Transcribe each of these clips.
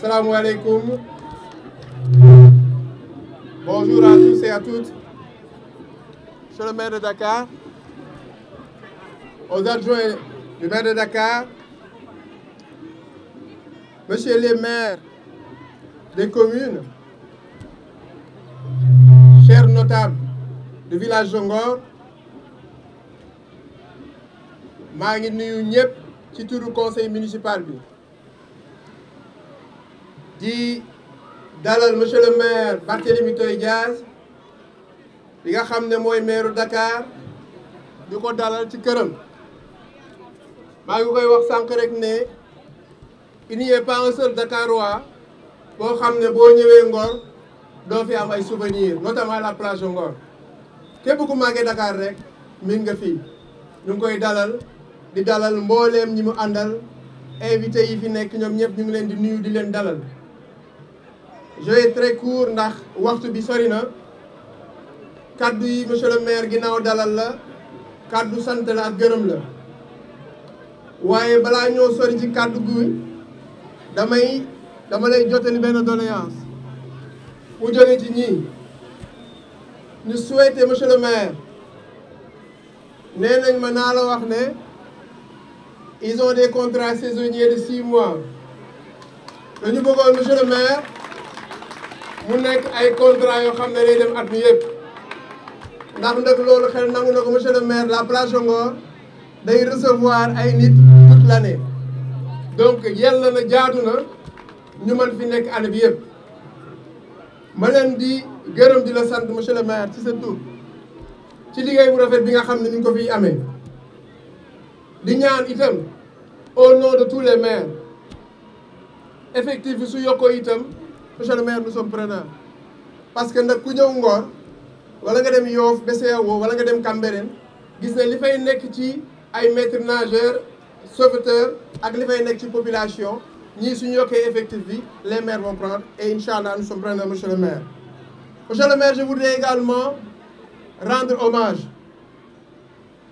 Salam alaikum. Bonjour à tous et à toutes. Je le maire de Dakar. Aux adjoints du maire de Dakar, Monsieur les maires des communes, chers notables du village Jongor, maa ngi nuyu ñëpp ci turu conseil municipal bi di dalal monsieur le maire Barthélémy Toye Dias bi nga xam ne mooy maire Dakar di ko dalal ci këram maa ngi koy wax sànq rek ne il n'y a pas un boo xam ne boo ñëwee Ngor doo fi am ay souvenirs notamment la plage Ngor képp ku màggee Dakar rek min nga fii ñu koy dalal di dalal mbooleem ñi mu àndal invité yi fi nekk ñoom ñëpp ñu ngi leen di nuyu di leen dalal je vais très ndax waxtu bi sori na kaddu yi monsieur le maire ginnaaw dalal la kaddu sant la ak gërëm la waaye balaa ñoo sori ci kaddu gu damay dama lay jotali benn doléance mu jóge ci ñii ñu souhaité monsieur le maire nee nañ ma naa la wax ne ils ont des contrats saisonniers de six mois dañu bëggoon monsieur le maire mu nekk ay contrat yoo xam ne day dem at mi yëpp ndax nag loolu xel nangu na monsieur le maire la plage Ngor day recevoir ay nit toute l'année donc yàlla na jaatu na ñu ma fi nekk année bi yëpp ma leen di gërëm di la sant monsieur le maire ci sa tur ci liggéey bu rafet bi nga xam ne ni ñu ko fiy amee di ñaan itam au non de tous les maires effective bi su yokkoo itam monsieur le maire nous sommes parce que nag ku ñëw Ngor wala nga dem Yoff BCEAO wala nga dem Cambérène gis na li fay nekk ci ay maîtres nageurs sauveteurs ak li fay nekk ci population ñii suñu yokkee effectif bi les maire vont prendre et incha allah nous sommes preneurs monsieur le maire. monsieur le maire je voudrais également rendre hommage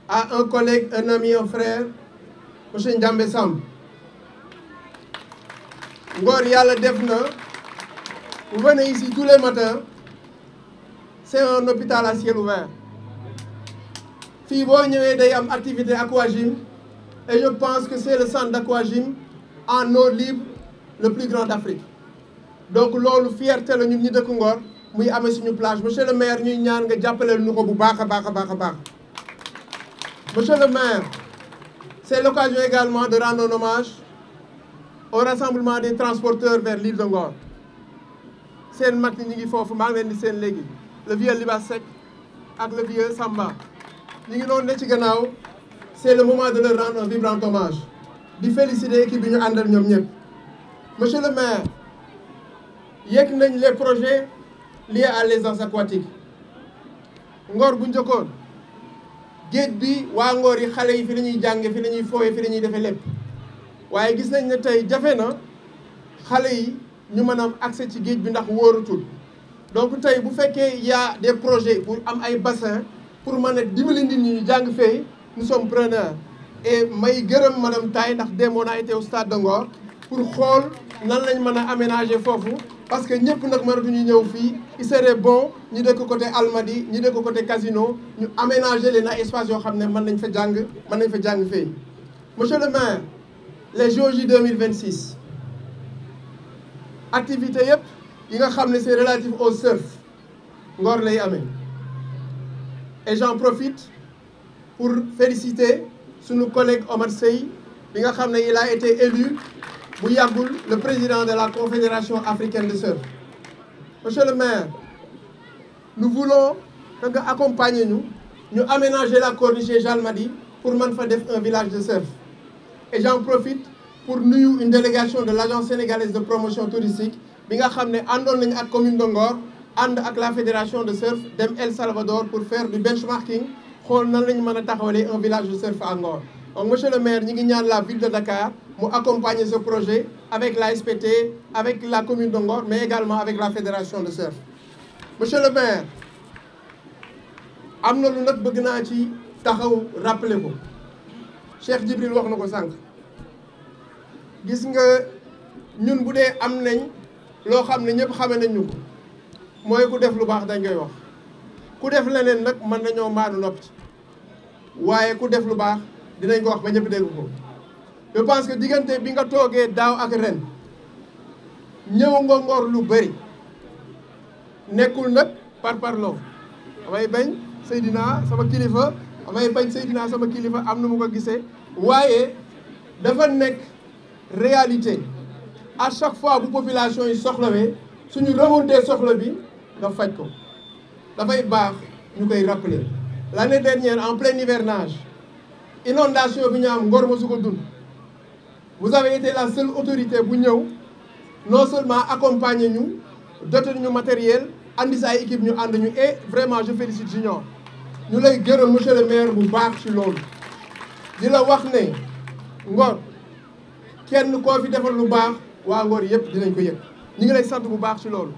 à un collègue un ami un frère. monsieur Ndiambe Samb Ngor yàlla def na vous venez ici tous les matins c'est un hôpital à ciel ouvert fii boo ñëwee day am activité aquagym et je pense que c'est le centre d'aquagym en eau libre le plus grand d'Afrique donc loolu fierté la ñu ñi dëkk Ngor muy amee suñu plage monsieur le maire ñuy ñaan nga jàppaleel ñu ko bu baax a baax a baax a baax monsieur le maire C'est l'occasion également de rendre un hommage au rassemblement des transporteurs vers l'île de Ngor seen mag ñi ñu ngi foofu maa ngi leen di seen léegi le vieux Libas Seck ak le vieux Samba ñu ngi noonu ne ci gannaaw c'est le moment de leur rendre un vibrant hommage di féliciter équipe bi ñu àndal ñoom ñëpp monsieur le maire yegg nañ les projets liés à l'aisance aquatique Ngor bu njëkkoon géej bi waa ngoor yi xale yi fi la ñuy jànge fi la ñuy foowe fi la ñuy lépp waaye gis nañ ne tey jafe na xale yi ñu mën a am accès ci géej bi ndax wóorutul donc tey bu fekkee yaa a des projets pour am ay bassin pour mën a dimbali nit ñi ñu jàng fee nous sommes preneurs et may gërëm madame Taye ndax démb on a été au stade de Ngor pour xool nan lañ mën a aménager foofu parce que ñëpp nag mënatuñu ñëw fii il serait bon ñu dëkk côté Almadi ñu dëkk côté Casino ñu aménager leen ay espace yoo xam ne mën nañ fa jàng mën nañ fa jàng fii monsieur le maire les JOJ 2026 activité yëpp yi nga xam ne c'est relatif au surf Ngor lay amee et j'en pour féliciter sunu collègue Omar Sey bi nga xam ne il a été élu bu yàggul le président de la confédération africaine de surf monsieur le maire nous voulons que nga accompagner ñu ñu aménager la corniche Jalmadi pour man fa def un village de surf et j'en profite pour nuyu une délégation de l'agence sénégalaise de promotion touristique bi nga xam ne àndoon nañu ak commune de Ngor ànd ak la fédération de surf dem El Salvador pour faire du benchmarking xool nan la ñu mën a taxawalee un village de surf à Ngor monsieur le ngi ñaan la ville de mu accompagner sa projet avec la SPT avec la commune de Ngor mais également avec la fédération de surf monsieur le maire am na lu nag bëgg naa ci taxaw rappeler ko Cheikh Djibril wax na ko sànq gis nga ñun bu dee am nañ loo xam ne ñëpp xame nañ ñu ko mooy ku def lu baax dañ koy wax ku def leneen nag mën nañoo maanu nopp ci waaye ku def lu baax dinañ ko wax ba ñëpp dégg ko je pense que diggante bi nga toogee daaw ak ren ñëw nga ngor lu bëri nekkul nag par parloo amay bañ Seydina sama kilifa amay bañ Seydina sama kilifa am na mu ko gisee waaye dafa nekk réalité à chaque fois bu population yi soxla soxlawee suñu remontee soxla bi nga faj ko dafay baax ñu koy la ne dernière en plein hivernage inondation bi ñu am Ngor ma su ko dund vous avez été la seule autorité bu ñëw non seulement accompagner ñu doter ñu matériel andi sa ay équipe ñu ànd ñu et vraiment je félicite Junior ñu lay gërëm monsieur le maire bu baax ci loolu di la wax ne Ngor kenn koo fi defal lu baax waa Ngor yëpp dinañ ko yëg ñu ngi lay sant bu baax ci loolu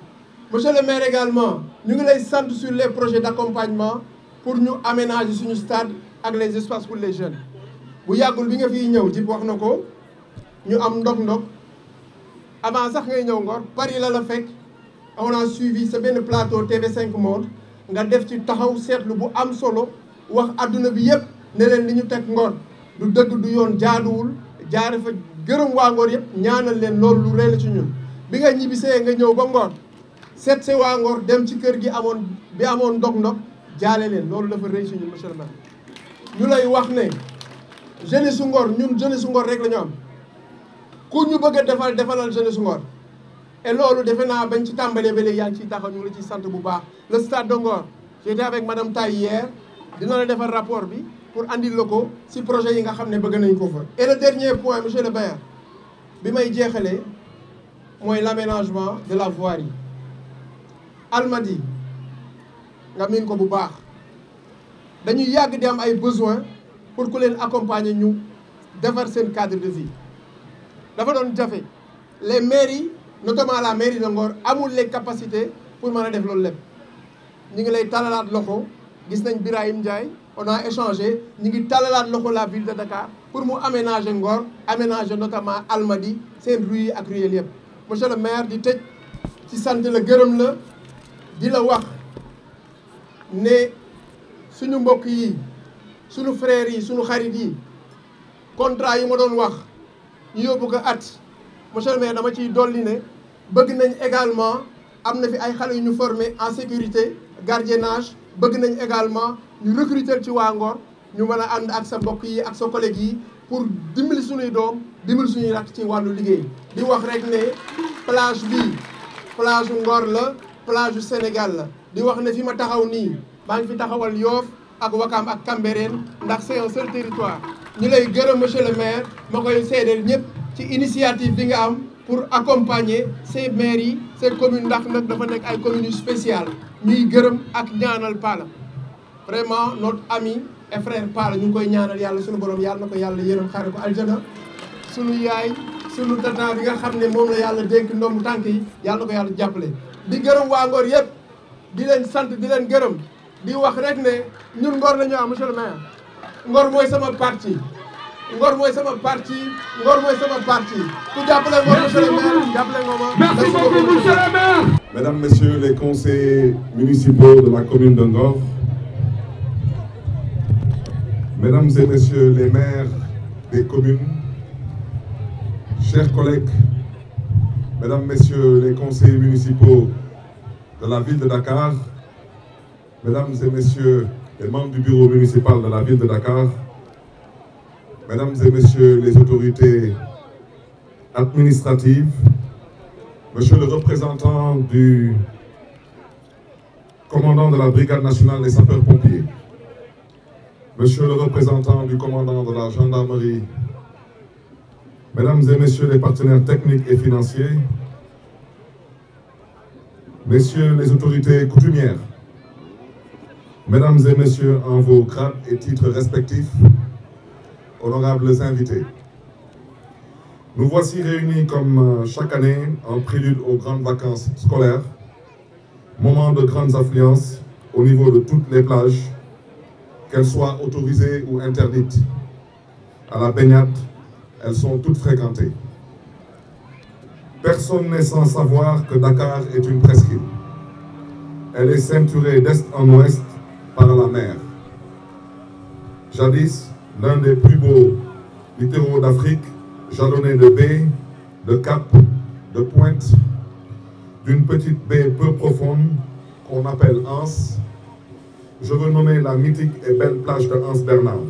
monsieur le maire également ñu ngi lay sant sur les projets d'accompagnement pour ñu aménager suñu stade ak les espaces pour les jeunes bu yàggul bi nga fiy ñëw ci wax na ko ñu am ndog-ndog avant sax ngay ñëw Ngor Paris la la fekk on a suivi sa benn plateau TV5 Monde nga def ci taxaw seetlu bu am solo wax àdduna bi yëpp ne leen li ñu teg Ngor du dëgg du yoon jaaduwul jaare fa gërëm waa yëpp ñaanal leen loolu lu rëy la ci ñun. bi nga ñibbisee nga ñëw ba Ngor seet see waa Ngor dem ci kër gi amoon bi amoon ndog-ndog jaale leen loolu dafa rëy ci ñun monsieur le lay wax ne jeunesse su Ngor ñun jeunesse su Ngor rek la ñu am. ku ñu bëgg a defal defalal jeunesse Ngor et loolu defe naa bañ ci tàmbalee ba léegi yaa ngi ciy ñu la ci sant bu baax le stade de Ngor j'étais avec madame Taye hier dina la defal rapport bi pour andil la ko si projet yi nga xam ne bëgg nañ ko fa et le dernier point monsieur le maire bi may jeexalee mooy l'aménagement de la voirie Almadies nga miin ko bu baax dañuy yàgg di am ay besoin pour ku leen accompagner ñu defar seen cadre de vie dafa doon jafe les mairies notamment la mairie na Ngor amul les capacité pour mën a def loolu lépp ñu ngi lay talalaat loxo gis nañ Birahim Ndiaye on a échangé ñu ngi talalaat loxo la ville de Dakar pour mu aménager Ngor notament notamment Almadi seen rue yi ak ruelle yëpp monsieur le maire di tëj ci sant la gërëm na di la wax ne suñu mbokk yi suñu frères yi suñu xarit yi contrat yi ma doon wax yóbbu ko at monsieur le maire dama ciy dolli ne bëgg nañ également am na fi ay xale yu ñu formé en sécurité gardiennage bëgg nañ également ñu recruter ci waa Ngor ñu mën a ànd ak sa mbokk yi ak sa collègue yi pour dimbali suñuy doom dimbali suñuy rak ci wàllu liggéey di wax rek ne plage bi plage Ngor la plage Sénégal la di wax ne fi ma taxaw nii maa ngi fi taxawal yoof ak wakaam ak Cambérène ndax c'est un seul territoire ñu lay gërëm monsieur le maire ma koy seedeel ñëpp ci initiative bi nga am pour accompagner ces maires yi ces communes ndax nag dafa nekk ay communes yu spéciales ñuy gërëm ak ñaanal Pala vraiment notre ami et frère Pala ñu ngi koy ñaanal yàlla suñu borom yàlla na ko yàlla yërëm xare ko aljana suñu yaay suñu tata bi nga xam ne moom la yàlla dénk ndombu tànk yi yàlla na ko yàlla jàppale di gërëm waa Ngor yëpp di leen sant di leen gërëm di wax rek ne ñun Ngor la ñu monsieur le maire ngor mooy sama parti ngor mooy sama parti ngor mooy sama parti ku jàppale ngor monsieur le maire jàppale ngor Mesdames, Messieurs les conseillers municipaux de la commune de Ngor, Mesdames et Messieurs les maires des communes, chers collègues, Mesdames, Messieurs les conseillers municipaux de la ville de Dakar, Mesdames et Messieurs les membres du bureau municipal de la ville de Dakar, mesdames et messieurs les autorités administratives, monsieur le représentant du commandant de la brigade nationale des sapeurs-pompiers, monsieur le représentant du commandant de la gendarmerie, mesdames et messieurs les partenaires techniques et financiers, messieurs les autorités coutumières, Mesdames et messieurs, en vos grades et titres respectifs, honorables invités, nous voici réunis comme euh, chaque année en prélude aux grandes vacances scolaires, moment de grandes affluences au niveau de toutes les plages, qu'elles soient autorisées ou interdites. À la baignade, elles sont toutes fréquentées. Personne n'est sans savoir que Dakar est une presqu'île. Elle est ceinturée d'est en ouest par la mer. Jadis, l'un des plus beaux littoraux d'Afrique, jalonné de baies, de caps, de pointes, d'une petite baie peu profonde qu'on appelle Anse, je veux la mythique et belle plage de Anse Bernard,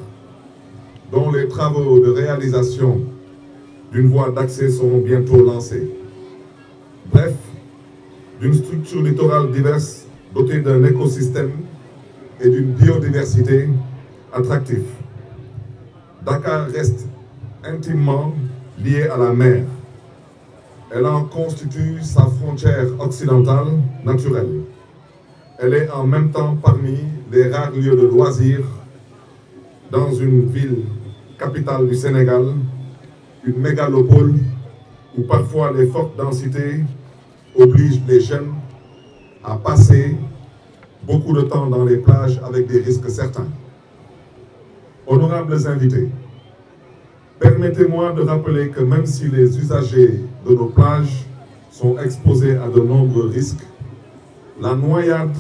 dont les travaux de réalisation d'une voie d'accès seront bientôt lancés. Bref, d'une structure littorale diverse dotée d'un écosystème et d'une biodiversité attractive. Dakar reste intimement liée à la mer. Elle en constitue sa frontière occidentale naturelle. Elle est en même temps parmi les rares lieux de loisirs dans une ville capitale du Sénégal, une mégalopole où parfois les fortes densités obligent les jeunes à passer beaucoup de temps dans les plages avec des risques certains. Honorables invités, permettez-moi de rappeler que même si les usagers de nos plages sont exposés à de nombreux risques, la noyade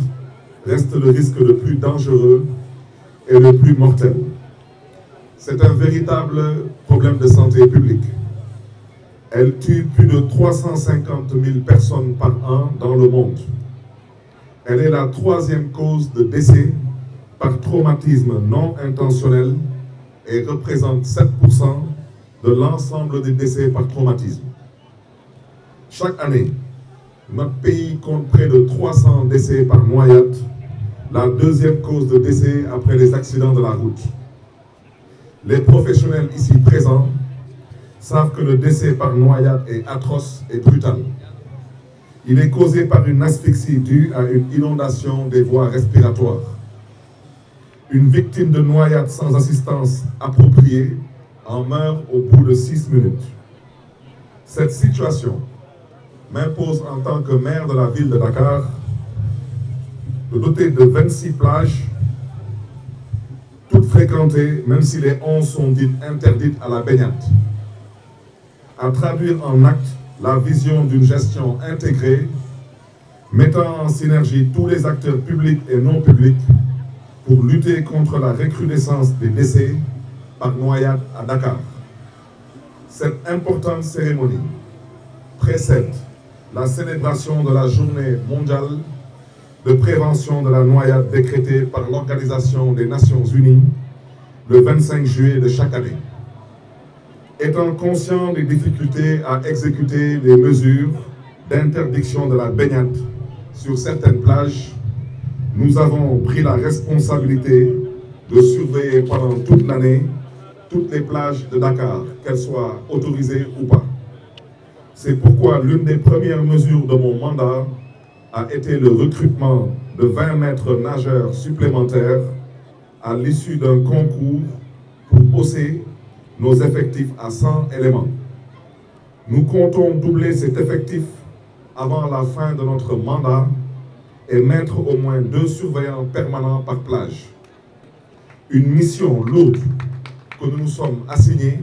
reste le risque le plus dangereux et le plus mortel. C'est un véritable problème de santé publique. Elle tue plus de 350 000 personnes par an dans le monde. Elle est la troisième cause de décès par traumatisme non intentionnel et représente 7% de l'ensemble des décès par traumatisme. Chaque année, notre pays compte près de 300 décès par noyade, la deuxième cause de décès après les accidents de la route. Les professionnels ici présents savent que le décès par noyade est atroce et brutal. Il est causé des voies respiratoires. Une victime de noyade sans assistance appropriée en meurt au bout de six minutes. Cette situation m'impose en tant que maire de la ville de Dakar de doter de 26 plages, toutes les 11 sont dites à la baignade, à traduire en la vision d'une gestion intégrée mettant en synergie et non publics pour lutter contre la recrudescence des décès par noyade à Dakar. Cette importante cérémonie précède la célébration de la journée mondiale prévention de la noyade décrétée par l'Organisation des Nations Unies le 25 juillet de chaque année. étant conscient des difficultés à exécuter les mesures d'interdiction de la baignade sur certaines plages, nous avons pris la responsabilité de surveiller pendant toute l'année toutes les plages de Dakar, qu'elles soient autorisées ou pas. C'est pourquoi l'une des premières mesures de mon mandat a été le recrutement de 20 maîtres supplémentaires à l'issue d'un concours pour hausser nos effectifs à 100 éléments. Nous comptons doubler cet effectif avant la fin de notre mandat et mettre au moins deux surveillants permanents par plage. Une mission lourde que nous nous sommes assignés,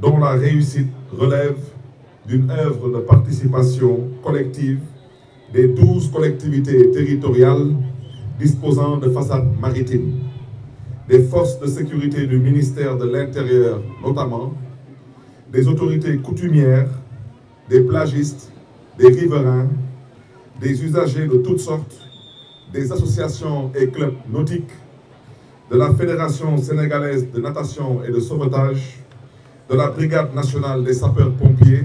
dont la réussite relève d'une œuvre de participation collective des 12 collectivités territoriales disposant de façades maritimes. des forces de sécurité du ministère de l'Intérieur notamment, des autorités coutumières, des plagistes, des riverains, des usagers de toutes sortes, des associations et clubs nautiques, de la Fédération sénégalaise de natation et de sauvetage, de la Brigade nationale des sapeurs-pompiers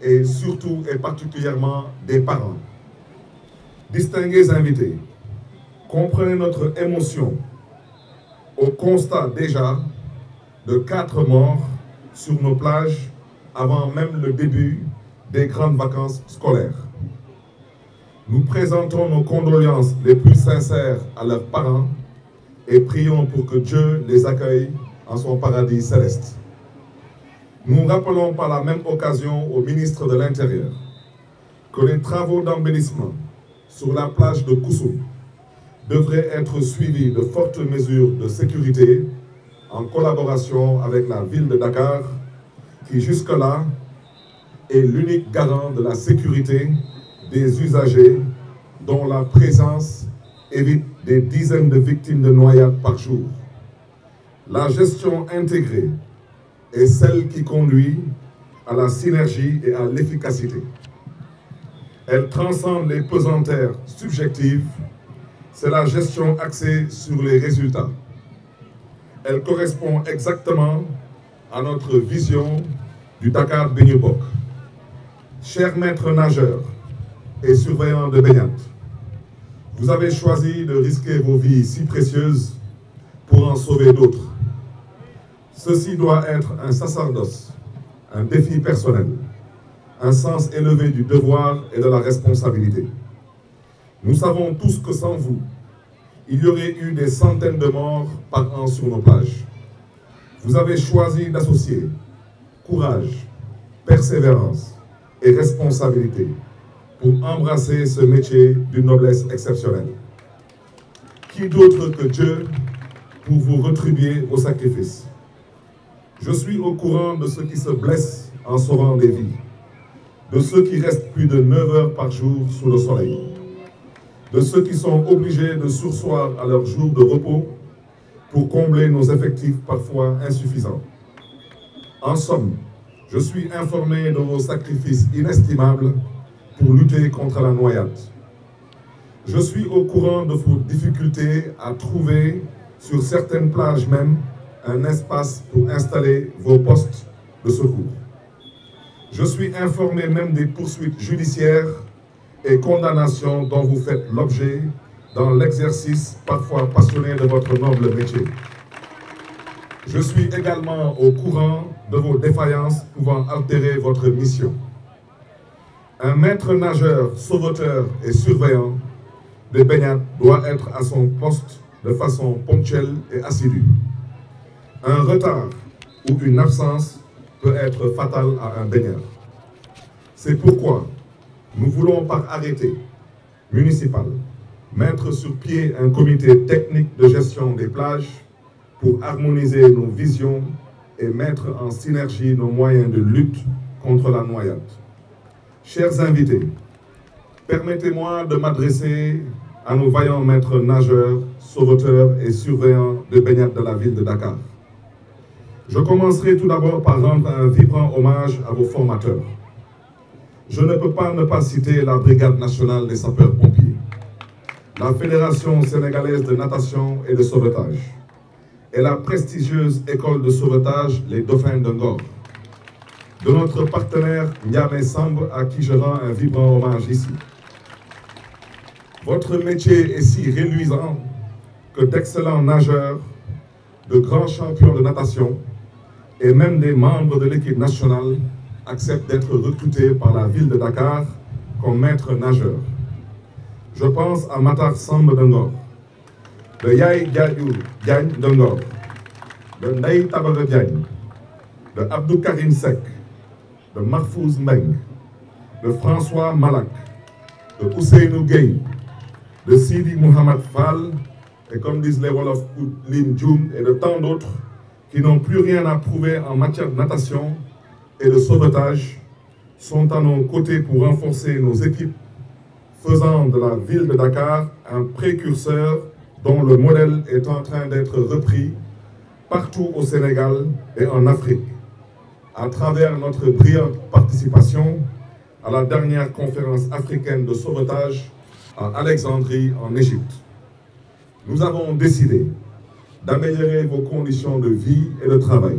et surtout et particulièrement des parents. Distingués invités, comprenez notre émotion on constate déjà de quatre morts sur nos plages avant même le début des grandes vacances scolaires. Nous présentons nos condoléances les plus sincères à leurs parents et prions pour que Dieu les accueille en son paradis céleste. Nous rappelons par la même occasion au ministre de l'Intérieur que les travaux d'embellissement sur la plage de Kousou devrait être suivi de fortes mesures de sécurité en collaboration avec la ville de Dakar, qui jusque-là est l'unique garant de la sécurité des usagers dont la présence évite des dizaines de victimes de noyades par jour. La gestion intégrée est celle qui conduit à la synergie et à l'efficacité. Elle transcende les pesantaires subjectives c'est la gestion axée sur les résultats. Elle correspond exactement à notre vision du Dakar Beñu Bokk. Chers maîtres nageurs et surveillants de baignade, vous avez choisi de risquer vos vies si précieuses pour en sauver d'autres. Ceci doit être un sacerdoce, un défi personnel, un sens élevé du devoir et de la responsabilité. Nous savons tous que sans vous, il y aurait eu des centaines de morts par an sur nos plages. Vous avez choisi d'associer courage, persévérance et responsabilité pour embrasser ce métier d'une noblesse exceptionnelle. Qui d'autre que Dieu pour vous retribuer vos sacrifices Je suis au courant de ceux qui se blessent en sauvant des vies, de ceux qui restent plus de 9 heures par jour sous le soleil de ceux qui sont obligés de sursoir à leurs jours de repos pour combler nos effectifs parfois insuffisants. En somme, je suis informé de vos sacrifices inestimables pour lutter contre la noyade. Je suis au courant de vos difficultés à trouver, sur certaines plages même, un espace pour installer vos postes de secours. Je suis informé même des poursuites judiciaires et condamnations dont vous faites l'objet dans l'exercice parfois passionné de votre noble métier. Je suis également au courant de vos défaillances pouvant altérer votre mission. Un maître nageur, sauveteur et surveillant des baignades doit être à son poste de façon ponctuelle et assidue. Un retard ou une absence peut être fatal à un baigneur. C'est pourquoi nous voulons par arrêté municipal mettre sur pied un comité technique de gestion des plages pour harmoniser nos visions et mettre en synergie nos moyens de lutte contre la noyade. Chers invités, permettez-moi de m'adresser à nos vaillants maîtres nageurs, sauveteurs et surveillants de baignade de la ville de Dakar. Je commencerai tout d'abord par rendre un vibrant hommage à vos formateurs. je ne peux pas ne pas citer la Brigade nationale des sapeurs-pompiers, la Fédération sénégalaise de natation et de sauvetage, et la prestigieuse école de sauvetage Les Dauphins de Ngor, de notre partenaire Niamey Samb, à qui je rends un vibrant hommage ici. Votre métier est si réluisant que d'excellents nageurs, de grands champions de natation et même des membres de l'équipe nationale accepte d'être recruté par la ville de Dakar comme maître nageur. Je pense à Matar Samb Dengor, de Yaye Diagne Diagne Dengor, de Ndaï Tabara Diagne, de Abdou Karim Sek, de Mahfouz Meng, de François Malak, de Ousseinou Gueye, de Sidi Mohamed Fall, et comme disent les Wolof Lin Djoum et de tant d'autres qui n'ont plus rien à prouver en matière de natation et de sauvetage sont à nos côtés pour renforcer nos équipes, faisant de la ville de Dakar un précurseur dont le modèle est en train d'être repris partout au Sénégal et en Afrique, à travers notre brillante participation à la dernière conférence africaine de sauvetage à Alexandrie, en Égypte. Nous avons décidé d'améliorer vos conditions de vie et de travail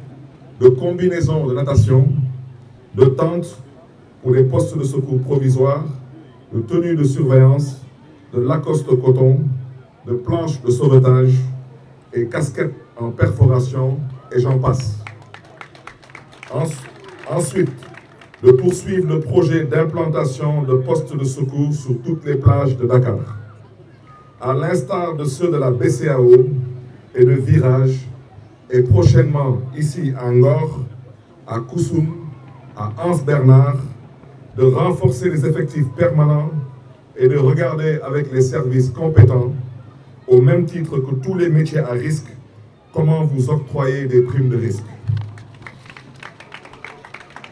de combinaison de natation, de tentes pour les postes de secours provisoires, de tenues de surveillance, de lacoste de coton, de planches de sauvetage et casquettes en perforation et j'en passe. Ensuite, de poursuivre le projet d'implantation de postes de secours sur toutes les plages de Dakar, à l'instar de ceux de la BCAO et de Virage et prochainement ici à Ngor, à Koussoum, à Anse-Bernard, de renforcer les effectifs permanents et de regarder avec les services compétents, au même titre que tous les métiers à risque, comment vous octroyez des primes de risque.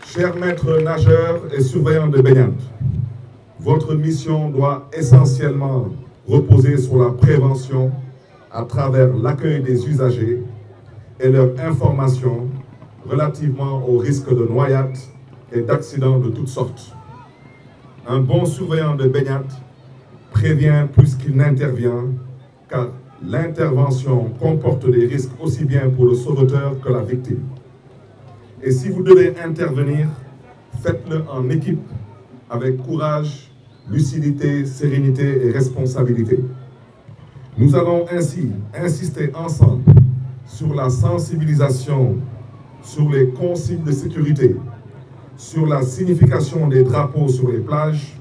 Chers maîtres nageurs et surveillants de baignade, votre mission doit essentiellement reposer sur la prévention à travers l'accueil des usagers et leur information relativement aux risques de noyade et d'accidents de toutes sortes. Un bon surveillant de baignade prévient plus qu'il n'intervient, car l'intervention comporte des risques aussi bien pour le sauveteur que la victime. Et si vous devez intervenir, faites-le en équipe, avec courage, lucidité, sérénité et responsabilité. Nous allons ainsi insister ensemble sur la sensibilisation sur les consignes de sécurité, sur la signification des drapeaux sur les plages,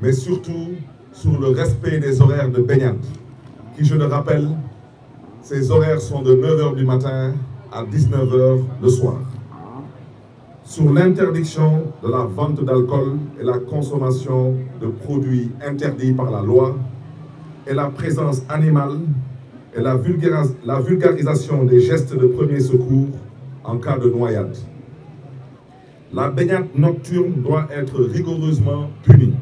mais surtout sur le respect des horaires de baignade, qui, je le rappelle, ces horaires sont de 9 du matin à 19h le soir. Sur l'interdiction de la vente d'alcool et la consommation de produits interdits par la loi et la présence animale et la, vulgaris la vulgarisation des gestes de premier secours en cas de noyade. La baignade nocturne doit être rigoureusement punie.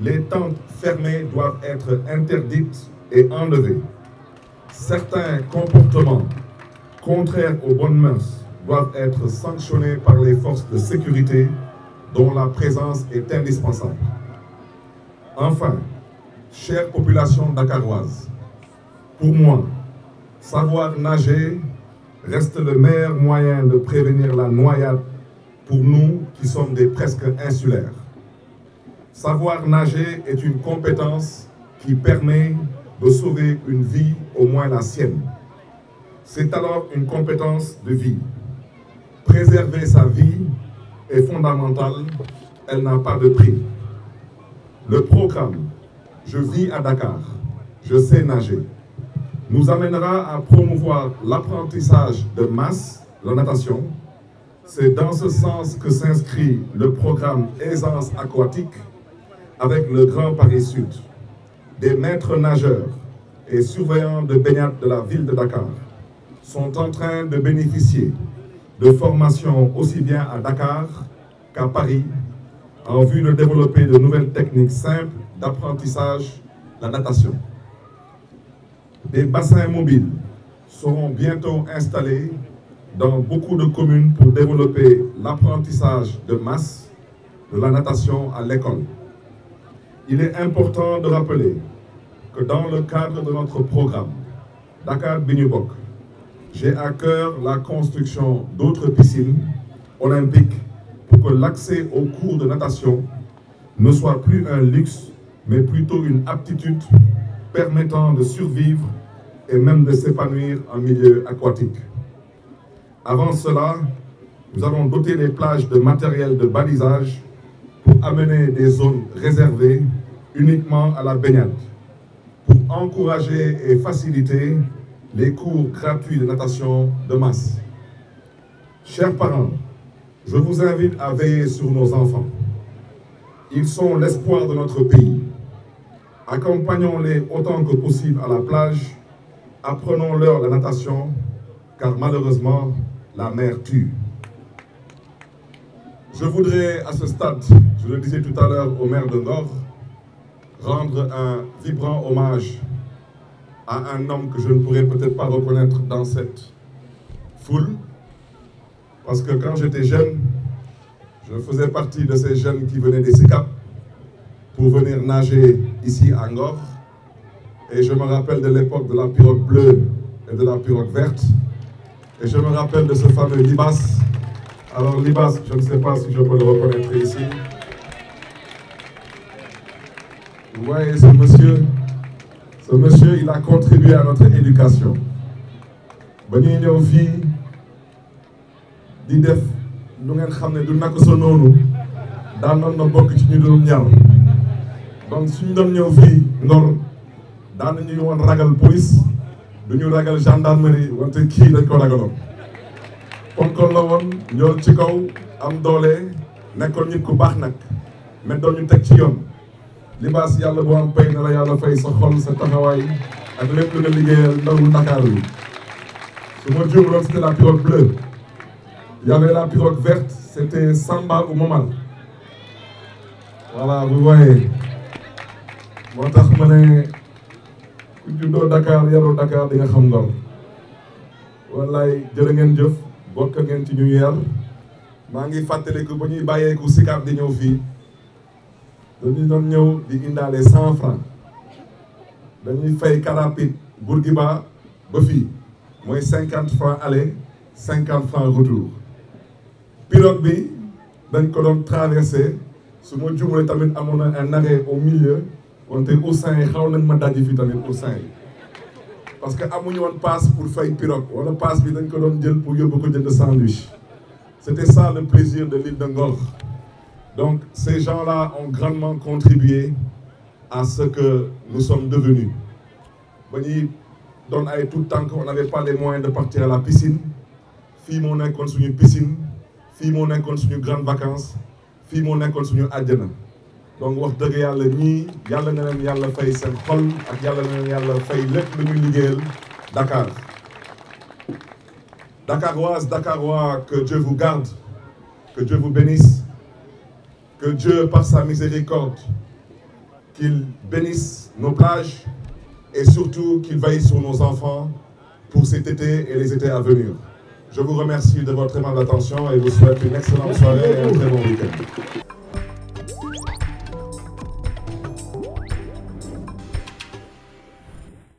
Les tentes fermées doivent être interdites et enlevées. Certains comportements contraires aux bonnes mœurs doivent être sanctionnés par les forces de sécurité dont la présence est indispensable. Enfin, chère population dakaroise, Pour moi, savoir nager reste le meilleur moyen de prévenir la noyade pour nous qui sommes des presque insulaires. Savoir nager est une compétence qui permet de sauver une vie, au moins la sienne. C'est alors une compétence de vie. Préserver sa vie est fondamentale, elle n'a pas de prix. Le programme Je vis à Dakar, je sais nager nous amènera à promouvoir l'apprentissage de masse, la natation. C'est dans ce sens que s'inscrit le programme Aisance aquatique avec le Grand Paris Sud. Des maîtres nageurs et surveillants de baignade de la ville de Dakar sont en train de bénéficier de formations aussi bien à Dakar qu'à Paris en vue de développer de nouvelles techniques simples d'apprentissage la natation. des bassins mobiles seront bientôt installés dans beaucoup de communes pour développer l'apprentissage de masse de la natation à l'école. Il est important de rappeler que dans le cadre de notre programme Dakar Binubok, j'ai à cœur la construction d'autres piscines olympiques pour que l'accès aux cours de natation ne soit plus un luxe, mais plutôt une aptitude permettant de survivre et même de s'épanouir en milieu aquatique. Avant cela, nous avons doté les plages de matériel de balisage pour amener des zones réservées uniquement à la baignade, pour encourager et faciliter les cours gratuits de natation de masse. Chers parents, je vous invite à veiller sur nos enfants. Ils sont l'espoir de notre pays. Accompagnons-les autant que possible à la plage Apprenons-leur la natation, car malheureusement, la mer tue. Je voudrais à ce stade, je le disais tout à l'heure au maire de Ngor, rendre un vibrant hommage à un homme que je ne pourrais peut-être pas reconnaître dans cette foule, parce que quand j'étais jeune, je faisais partie de ces jeunes qui venaient des SICAP pour venir nager ici à Ngor. Et je me rappelle de l'époque de la pirogue bleue et de la pirogue verte. Et je me rappelle de ce fameux Libas. Alors Libas, je ne sais pas si je peux le ici. Vous voyez ce monsieur, ce monsieur, il a contribué à notre éducation. ba ñuy ñëw fii di def lu ngeen xam ne du nak sa noonu daan noon na bokk ci ñu doon daan nañuy woon ragal police du ñu ragal gendarmerie wante kii dañ ko ragaloon kon la woon ñool ci kaw am doole nekkoon nit ku baax nag mais doo ñu teg ci yoon libaas yàlla boo am pay na la yàlla fay sa sa taxawaay ak lépp lu nga liggéeyal ndawu Ndakaaru yi su ma juumloon c'était la pirogue bleue y la pirogue verte c'était Samba ou Momal voilà vous voyez moo tax ma ku juddoo Dakar yaroo Dakar di nga xam Ngor wallaay jërë ngeen jëf bokk ngeen ci ñu yar maa ngi fàttaliku ba ñuy bàyyeeku Sicap di ñëw fii dañu doon ñëw di indaale cent franc dañuy fay karapit Bourguiba ba fii mooy cinquante franc aller cinquante franc retour pirogue bi dañ ko doon traversé su ma jumale tamit amoon na un arrêt au milieu ou Ousseyn xaw nañ ma daj fi tamit Ousseyn parce que amuñu woon paas pour fay pirogue wala paas bi dañ ko doon jël pour yóbbu ko jënd sandwich c'était ça le plaisir de l'île de Ngor donc ces gens la ont grandement contribué à ce que nous sommes devenus ba ñuy doon ay tout tànk on n'avait pas les moyens de partir à la piscine fii moo nekkoon suñu piscine fii moo nekkoon suñu grande vacances fii moo nekkoon suñu àjjana donc wax dëgg yàlla ñii yàlla na leen yàlla fay seen xol ak yàlla na leen ñuy liggéeyal Dakar Dakaroises, Dakarois, que Dieu vous garde, que Dieu vous bénisse, que Dieu, par sa miséricorde, qu'il bénisse nos plages et surtout qu'il veille sur nos enfants pour cet été et les étés à venir. Je vous remercie de votre aimable attention et vous souhaite une excellente soirée très bon week